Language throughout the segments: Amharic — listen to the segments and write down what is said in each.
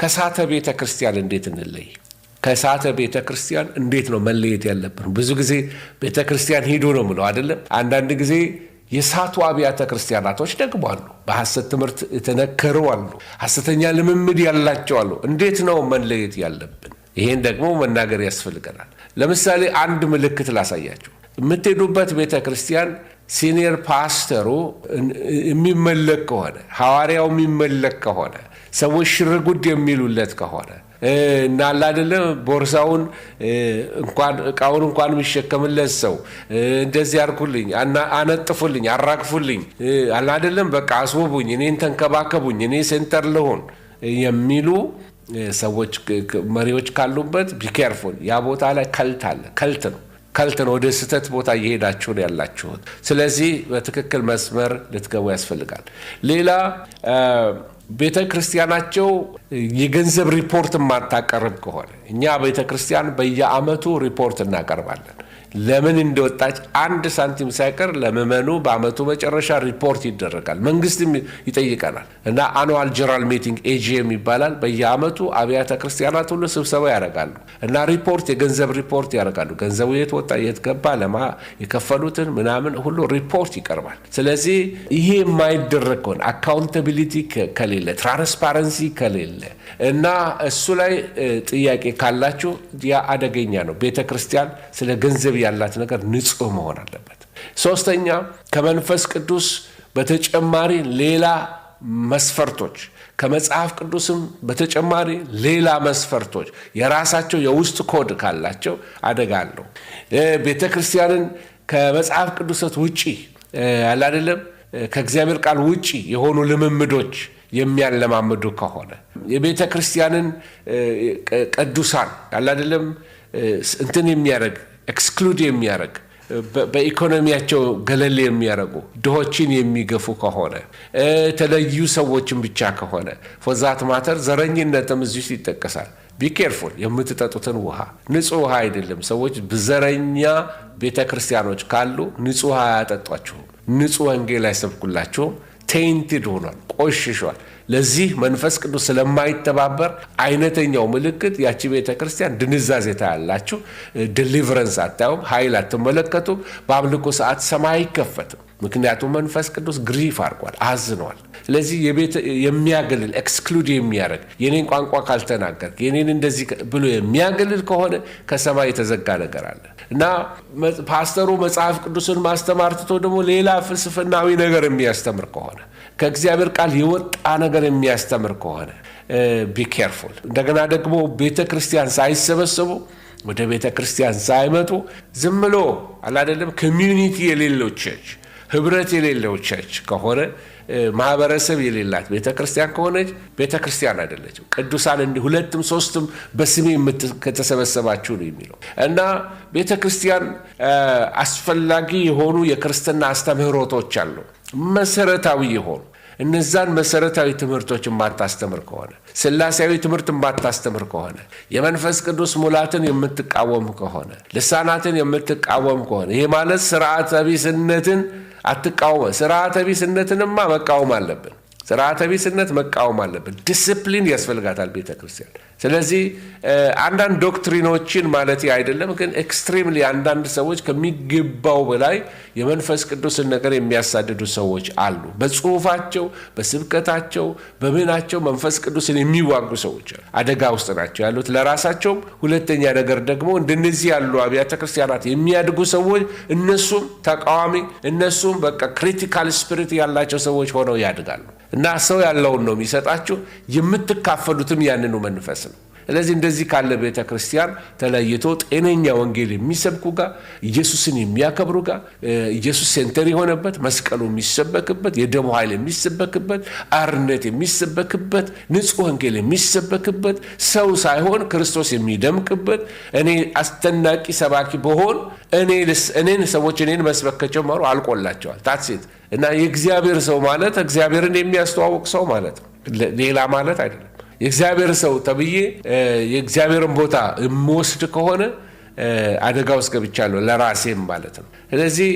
ከሳተ ቤተ ክርስቲያን እንዴት እንለይ? ከሳተ ቤተ ክርስቲያን እንዴት ነው መለየት ያለብን? ብዙ ጊዜ ቤተ ክርስቲያን ሄዶ ነው ምለው አይደለም። አንዳንድ ጊዜ የሳቱ አብያተ ክርስቲያናቶች ደግሞ አሉ። በሐሰት ትምህርት የተነከሩ አሉ። ሐሰተኛ ልምምድ ያላቸው አሉ። እንዴት ነው መለየት ያለብን? ይሄን ደግሞ መናገር ያስፈልገናል። ለምሳሌ አንድ ምልክት ላሳያቸው። የምትሄዱበት ቤተ ክርስቲያን ሲኒየር ፓስተሩ የሚመለክ ከሆነ ሐዋርያው የሚመለክ ከሆነ ሰዎች ሽርጉድ የሚሉለት ከሆነ እና አላደለ ቦርሳውን እንኳን እቃውን እንኳን የሚሸከምለት ሰው እንደዚህ አድርጉልኝ፣ አነጥፉልኝ፣ አራግፉልኝ አደለም በቃ አስውቡኝ፣ እኔን ተንከባከቡኝ፣ እኔ ሴንተር ልሆን የሚሉ ሰዎች መሪዎች ካሉበት ቢኬርፉል ያ ቦታ ላይ ከልት አለ። ከልት ነው ካልተን ወደ ስህተት ቦታ እየሄዳችሁ ነው ያላችሁት። ስለዚህ በትክክል መስመር ልትገቡ ያስፈልጋል። ሌላ ቤተ ክርስቲያናቸው የገንዘብ ሪፖርት የማታቀርብ ከሆነ እኛ ቤተ ክርስቲያን በየአመቱ ሪፖርት እናቀርባለን። ለምን እንደወጣች አንድ ሳንቲም ሳይቀር ለምዕመኑ በአመቱ መጨረሻ ሪፖርት ይደረጋል። መንግስትም ይጠይቀናል እና አኑዋል ጀነራል ሚቲንግ ኤጂኤም ይባላል። በየአመቱ አብያተ ክርስቲያናት ሁሉ ስብሰባ ያደርጋሉ እና ሪፖርት የገንዘብ ሪፖርት ያደርጋሉ። ገንዘቡ የት ወጣ፣ የት ገባ፣ ለማ የከፈሉትን ምናምን ሁሉ ሪፖርት ይቀርባል። ስለዚህ ይሄ የማይደረግ ከሆነ አካውንታቢሊቲ ከሌለ፣ ትራንስፓረንሲ ከሌለ እና እሱ ላይ ጥያቄ ካላችሁ ያ አደገኛ ነው። ቤተ ክርስቲያን ስለ ገንዘብ ያላት ነገር ንጹህ መሆን አለበት። ሶስተኛ ከመንፈስ ቅዱስ በተጨማሪ ሌላ መስፈርቶች ከመጽሐፍ ቅዱስም በተጨማሪ ሌላ መስፈርቶች የራሳቸው የውስጥ ኮድ ካላቸው አደጋ አለው። ቤተ ክርስቲያንን ከመጽሐፍ ቅዱሰት ውጪ ያለ አይደለም ከእግዚአብሔር ቃል ውጪ የሆኑ ልምምዶች የሚያለማምዱ ከሆነ የቤተ ክርስቲያንን ቅዱሳን ያለ አይደለም እንትን የሚያደርግ ኤክስክሉድ የሚያደርግ በኢኮኖሚያቸው ገለል የሚያደርጉ ድሆችን የሚገፉ ከሆነ የተለዩ ሰዎችን ብቻ ከሆነ ፎዛት ማተር ዘረኝነትም እዚህ ውስጥ ይጠቀሳል። ቢኬርፉል የምትጠጡትን ውሃ ንጹህ ውሃ አይደለም። ሰዎች ብዘረኛ ቤተ ክርስቲያኖች ካሉ ንጹህ ውሃ አያጠጧችሁም፣ ንጹህ ወንጌል አይሰብኩላችሁም። ቴይንትድ ሆኗል፣ ቆሽሿል። ለዚህ መንፈስ ቅዱስ ስለማይተባበር አይነተኛው ምልክት ያቺ ቤተ ክርስቲያን ድንዛዜ ታያላችሁ። ዲሊቨረንስ አታዩም፣ ኃይል አትመለከቱም። በአምልኮ ሰዓት ሰማይ አይከፈትም። ምክንያቱም መንፈስ ቅዱስ ግሪፍ አድርጓል፣ አዝኗል። ስለዚህ የሚያገልል ኤክስክሉድ የሚያደርግ የኔን ቋንቋ ካልተናገር የኔን እንደዚህ ብሎ የሚያገልል ከሆነ ከሰማይ የተዘጋ ነገር አለ እና ፓስተሩ መጽሐፍ ቅዱስን ማስተማር ትቶ ደግሞ ሌላ ፍልስፍናዊ ነገር የሚያስተምር ከሆነ ከእግዚአብሔር ቃል የወጣ ነገር የሚያስተምር ከሆነ ቢኬርፉል። እንደገና ደግሞ ቤተ ክርስቲያን ሳይሰበሰቡ ወደ ቤተ ክርስቲያን ሳይመጡ ዝም ብሎ አላደለም ኮሚዩኒቲ የሌለው ቸርች፣ ህብረት የሌለው ቸርች ከሆነ ማህበረሰብ የሌላት ቤተ ክርስቲያን ከሆነች ቤተ ክርስቲያን አይደለችም። ቅዱሳን እንዲህ ሁለትም ሶስትም በስሜ ከተሰበሰባችሁ ነው የሚለው እና ቤተ ክርስቲያን አስፈላጊ የሆኑ የክርስትና አስተምህሮቶች አሉ መሰረታዊ የሆኑ እነዛን መሰረታዊ ትምህርቶች የማታስተምር ከሆነ ስላሴያዊ ትምህርት ባታስተምር ከሆነ የመንፈስ ቅዱስ ሙላትን የምትቃወም ከሆነ ልሳናትን የምትቃወም ከሆነ ይህ ማለት ስርዓተ ቢስነትን አትቃወመ። ስርዓተ ቢስነትንማ መቃወም አለብን። ስርዓተ ቢስነት መቃወም አለብን። ዲስፕሊን ያስፈልጋታል ቤተ ክርስቲያን። ስለዚህ አንዳንድ ዶክትሪኖችን ማለት አይደለም፣ ግን ኤክስትሪምሊ አንዳንድ ሰዎች ከሚገባው በላይ የመንፈስ ቅዱስን ነገር የሚያሳድዱ ሰዎች አሉ። በጽሁፋቸው፣ በስብከታቸው፣ በምናቸው መንፈስ ቅዱስን የሚዋጉ ሰዎች አደጋ ውስጥ ናቸው ያሉት ለራሳቸውም። ሁለተኛ ነገር ደግሞ እንደነዚህ ያሉ አብያተ ክርስቲያናት የሚያድጉ ሰዎች እነሱም ተቃዋሚ፣ እነሱም በቃ ክሪቲካል ስፒሪት ያላቸው ሰዎች ሆነው ያድጋሉ። እና ሰው ያለውን ነው የሚሰጣችሁ። የምትካፈሉትም ያንኑ መንፈስ ነው። ስለዚህ እንደዚህ ካለ ቤተ ክርስቲያን ተለይቶ ጤነኛ ወንጌል የሚሰብኩ ጋር ኢየሱስን የሚያከብሩ ጋር ኢየሱስ ሴንተር የሆነበት መስቀሉ የሚሰበክበት የደሞ ኃይል የሚሰበክበት አርነት የሚሰበክበት ንጹህ ወንጌል የሚሰበክበት ሰው ሳይሆን ክርስቶስ የሚደምቅበት እኔ አስደናቂ ሰባኪ በሆን እኔን ሰዎች እኔን መስበክ ከጀመሩ አልቆላቸዋል። ታሴት እና የእግዚአብሔር ሰው ማለት እግዚአብሔርን የሚያስተዋውቅ ሰው ማለት ሌላ ማለት አይደለም። የእግዚአብሔር ሰው ተብዬ የእግዚአብሔርን ቦታ የምወስድ ከሆነ አደጋ ውስጥ ገብቻለሁ፣ ለራሴም ማለት ነው። ስለዚህ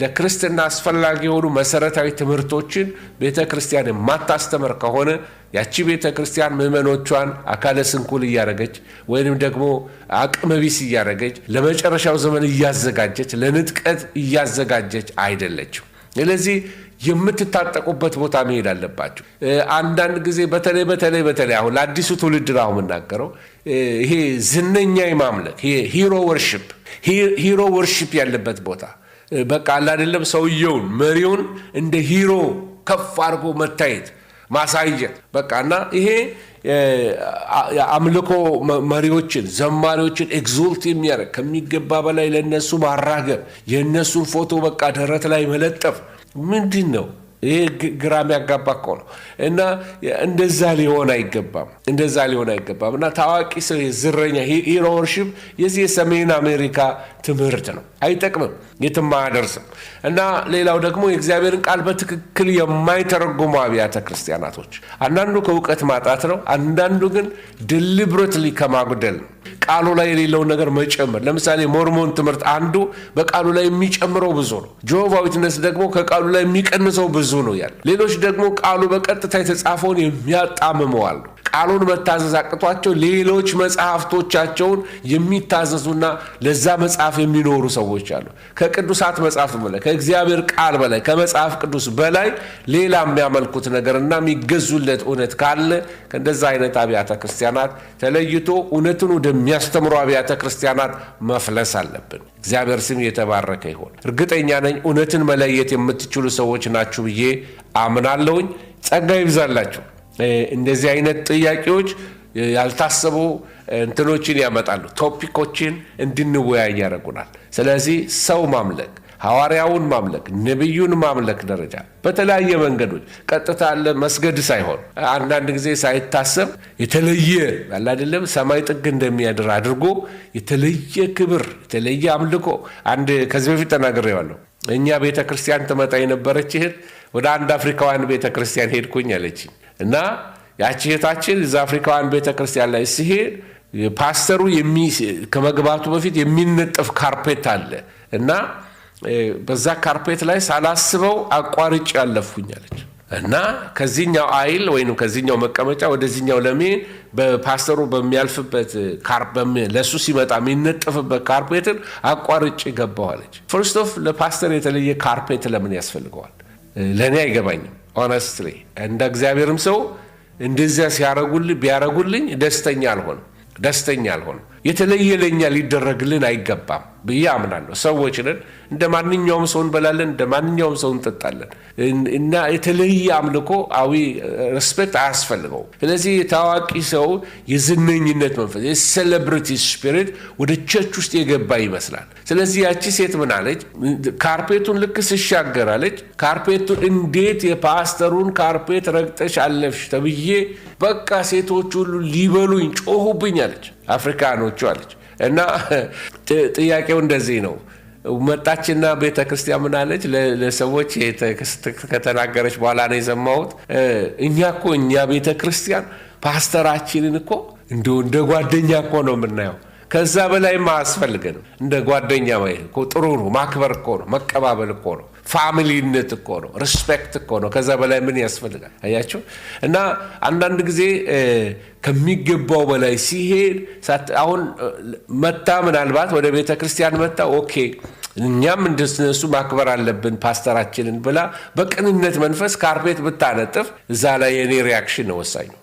ለክርስትና አስፈላጊ የሆኑ መሰረታዊ ትምህርቶችን ቤተ ክርስቲያን የማታስተምር ከሆነ ያቺ ቤተ ክርስቲያን ምዕመኖቿን አካለ ስንኩል እያደረገች ወይንም ደግሞ አቅመ ቢስ እያደረገች ለመጨረሻው ዘመን እያዘጋጀች ለንጥቀት እያዘጋጀች አይደለችም። ስለዚህ የምትታጠቁበት ቦታ መሄድ አለባቸው። አንዳንድ ጊዜ በተለይ በተለይ በተለይ አሁን ለአዲሱ ትውልድ ነው የምናገረው። ይሄ ዝነኛ የማምለክ ሂሮ ወርሽፕ ሂሮ ወርሽፕ ያለበት ቦታ በቃ አይደለም። ሰውየውን መሪውን እንደ ሂሮ ከፍ አድርጎ መታየት ማሳየት በቃ እና ይሄ አምልኮ መሪዎችን ዘማሪዎችን ኤግዞልት የሚያደርግ ከሚገባ በላይ ለእነሱ ማራገብ የእነሱን ፎቶ በቃ ደረት ላይ መለጠፍ ምንድን ነው ይሄ? ግራ የሚያጋባ እኮ ነው። እና እንደዛ ሊሆን አይገባም፣ እንደዛ ሊሆን አይገባም። እና ታዋቂ ሰው ዝረኛ ሂሮ ወርሺፕ የዚህ የሰሜን አሜሪካ ትምህርት ነው። አይጠቅምም፣ የትም አያደርስም። እና ሌላው ደግሞ የእግዚአብሔርን ቃል በትክክል የማይተረጉሙ አብያተ ክርስቲያናቶች፣ አንዳንዱ ከእውቀት ማጣት ነው፣ አንዳንዱ ግን ድልብረትሊ ከማጉደል ነው። ቃሉ ላይ የሌለውን ነገር መጨመር። ለምሳሌ ሞርሞን ትምህርት አንዱ በቃሉ ላይ የሚጨምረው ብዙ ነው። ጆሆቫ ዊትነስ ደግሞ ከቃሉ ላይ የሚቀንሰው ብዙ ነው ያለ። ሌሎች ደግሞ ቃሉ በቀጥታ የተጻፈውን የሚያጣምመዋል ቃሉን መታዘዝ አቅቷቸው ሌሎች መጽሐፍቶቻቸውን የሚታዘዙና ለዛ መጽሐፍ የሚኖሩ ሰዎች አሉ። ከቅዱሳት መጽሐፍ በላይ ከእግዚአብሔር ቃል በላይ ከመጽሐፍ ቅዱስ በላይ ሌላ የሚያመልኩት ነገርና የሚገዙለት እውነት ካለ ከእንደዛ አይነት አብያተ ክርስቲያናት ተለይቶ እውነትን ወደሚያስተምሩ አብያተ ክርስቲያናት መፍለስ አለብን። እግዚአብሔር ስም የተባረከ ይሆን። እርግጠኛ ነኝ እውነትን መለየት የምትችሉ ሰዎች ናችሁ ብዬ አምናለሁኝ። ጸጋ ይብዛላችሁ። እንደዚህ አይነት ጥያቄዎች ያልታሰቡ እንትኖችን ያመጣሉ። ቶፒኮችን እንድንወያይ ያደርጉናል። ስለዚህ ሰው ማምለክ ሐዋርያውን ማምለክ ነቢዩን ማምለክ ደረጃ በተለያየ መንገዶች ቀጥታ ያለ መስገድ ሳይሆን አንዳንድ ጊዜ ሳይታሰብ የተለየ ያለ አይደለም ሰማይ ጥግ እንደሚያድር አድርጎ የተለየ ክብር የተለየ አምልኮ አንድ ከዚህ በፊት ተናግሬዋለሁ። እኛ ቤተ ክርስቲያን ትመጣ የነበረች እህት ወደ አንድ አፍሪካውያን ቤተ ክርስቲያን ሄድኩኝ አለችኝ እና ያቺ እህታችን እዛ አፍሪካውያን ቤተ ክርስቲያን ላይ ሲሄድ ፓስተሩ ከመግባቱ በፊት የሚነጠፍ ካርፔት አለ እና በዛ ካርፔት ላይ ሳላስበው አቋርጭ ያለፍኩኝ አለች። እና ከዚህኛው አይል ወይም ከዚህኛው መቀመጫ ወደዚህኛው ለመሄድ በፓስተሩ በሚያልፍበት ካርፕ ለእሱ ሲመጣ የሚነጥፍበት ካርፔትን አቋርጭ ገባዋለች። ፍርስት ኦፍ ለፓስተር የተለየ ካርፔት ለምን ያስፈልገዋል? ለእኔ አይገባኝም ኦነስትሊ። እንደ እግዚአብሔርም ሰው እንደዚያ ሲያረጉልኝ ቢያረጉልኝ ደስተኛ አልሆን ደስተኛ አልሆን። የተለየ ለእኛ ሊደረግልን አይገባም። ብዬ አምናለሁ። ሰዎች ነን፣ እንደ ማንኛውም ሰው እንበላለን፣ እንደ ማንኛውም ሰው እንጠጣለን እና የተለየ አምልኮ አዊ ሪስፔክት አያስፈልገው። ስለዚህ የታዋቂ ሰው የዝነኝነት መንፈስ የሴሌብሪቲ ስፒሪት ወደ ቸርች ውስጥ የገባ ይመስላል። ስለዚህ ያቺ ሴት ምን አለች? ካርፔቱን ልክ ስሻገራለች፣ ካርፔቱን እንዴት የፓስተሩን ካርፔት ረግጠሽ አለፍሽ ተብዬ በቃ ሴቶች ሁሉ ሊበሉኝ ጮሁብኝ አለች። አፍሪካኖቹ አለች እና ጥያቄው እንደዚህ ነው። መጣችና ቤተ ክርስቲያን ምናለች? ለሰዎች ከተናገረች በኋላ ነው የሰማሁት። እኛ እኮ እኛ ቤተ ክርስቲያን ፓስተራችንን እኮ እንደ እንደ ጓደኛ እኮ ነው የምናየው። ከዛ በላይም አያስፈልገንም። እንደ ጓደኛ ጥሩ ነው። ማክበር እኮ ነው፣ መቀባበል እኮ ነው። ፋሚሊነት እኮ ነው፣ ሪስፔክት እኮ ነው። ከዛ በላይ ምን ያስፈልጋል? አያቸው እና አንዳንድ ጊዜ ከሚገባው በላይ ሲሄድ አሁን መታ ምናልባት ወደ ቤተ ክርስቲያን መታ ኦኬ እኛም እንደነሱ ማክበር አለብን ፓስተራችንን ብላ በቅንነት መንፈስ ካርፔት ብታነጥፍ እዛ ላይ የእኔ ሪያክሽን ነው ወሳኝ ነው።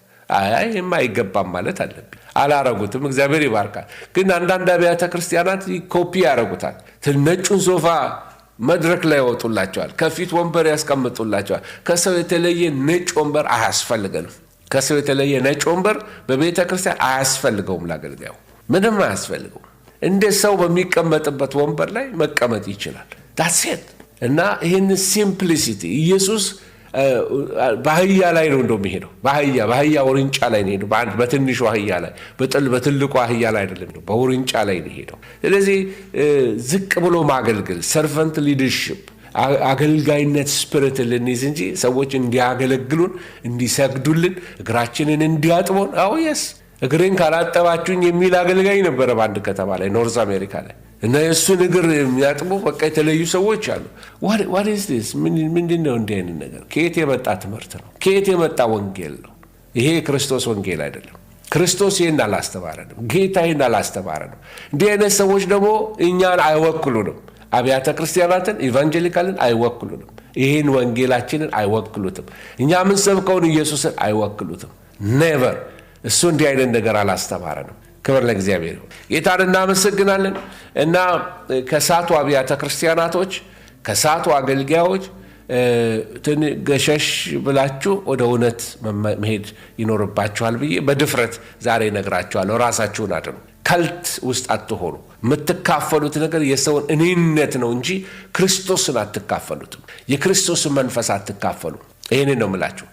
አይ የማይገባም ማለት አለብኝ። አላረጉትም፣ እግዚአብሔር ይባርካል። ግን አንዳንድ አብያተ ክርስቲያናት ኮፒ ያረጉታል። ነጩን ሶፋ መድረክ ላይ ያወጡላቸዋል። ከፊት ወንበር ያስቀምጡላቸዋል። ከሰው የተለየ ነጭ ወንበር አያስፈልገንም። ከሰው የተለየ ነጭ ወንበር በቤተ ክርስቲያን አያስፈልገውም። ለአገልጋዩ ምንም አያስፈልገው እንደ ሰው በሚቀመጥበት ወንበር ላይ መቀመጥ ይችላል። ዳሴት እና ይህን ሲምፕሊሲቲ ኢየሱስ በአህያ ላይ ነው እንደው የሚሄደው። በአህያ በአህያ ውርንጫ ላይ ነው ሄደው። በአንድ በትንሹ አህያ ላይ በጥል በትልቁ አህያ ላይ አይደለም ነው በውርንጫ ላይ ነው ሄደው። ስለዚህ ዝቅ ብሎ ማገልገል ሰርቨንት ሊደርሽፕ አገልጋይነት ስፕሪት ልንይዝ እንጂ ሰዎች እንዲያገለግሉን እንዲሰግዱልን እግራችንን እንዲያጥቦን አዎ የስ እግሬን ካላጠባችሁኝ የሚል አገልጋይ ነበረ በአንድ ከተማ ላይ ኖርዝ አሜሪካ ላይ እና የእሱን እግር የሚያጥቡ በቃ የተለዩ ሰዎች አሉ። ዋትስ ምንድን ነው? እንዲህ አይነት ነገር ከየት የመጣ ትምህርት ነው? ከየት የመጣ ወንጌል ነው? ይሄ የክርስቶስ ወንጌል አይደለም። ክርስቶስ ይህን አላስተማረንም። ጌታ ይህን አላስተማረንም። እንዲህ አይነት ሰዎች ደግሞ እኛን አይወክሉንም። አብያተ ክርስቲያናትን ኢቫንጀሊካልን አይወክሉንም። ይህን ወንጌላችንን አይወክሉትም። እኛ ሰብከውን ኢየሱስን አይወክሉትም። ኔቨር እሱ እንዲህ አይነት ነገር አላስተማረንም። ክብር ለእግዚአብሔር ጌታን እናመሰግናለን እና ከሳቱ አብያተ ክርስቲያናቶች ከሳቱ አገልጋዮች ገሸሽ ብላችሁ ወደ እውነት መሄድ ይኖርባችኋል ብዬ በድፍረት ዛሬ እነግራችኋለሁ። ራሳችሁን አድኑ። ከልት ውስጥ አትሆኑ። የምትካፈሉት ነገር የሰውን እኔነት ነው እንጂ ክርስቶስን አትካፈሉትም። የክርስቶስን መንፈስ አትካፈሉ። ይህንን ነው የምላችሁ።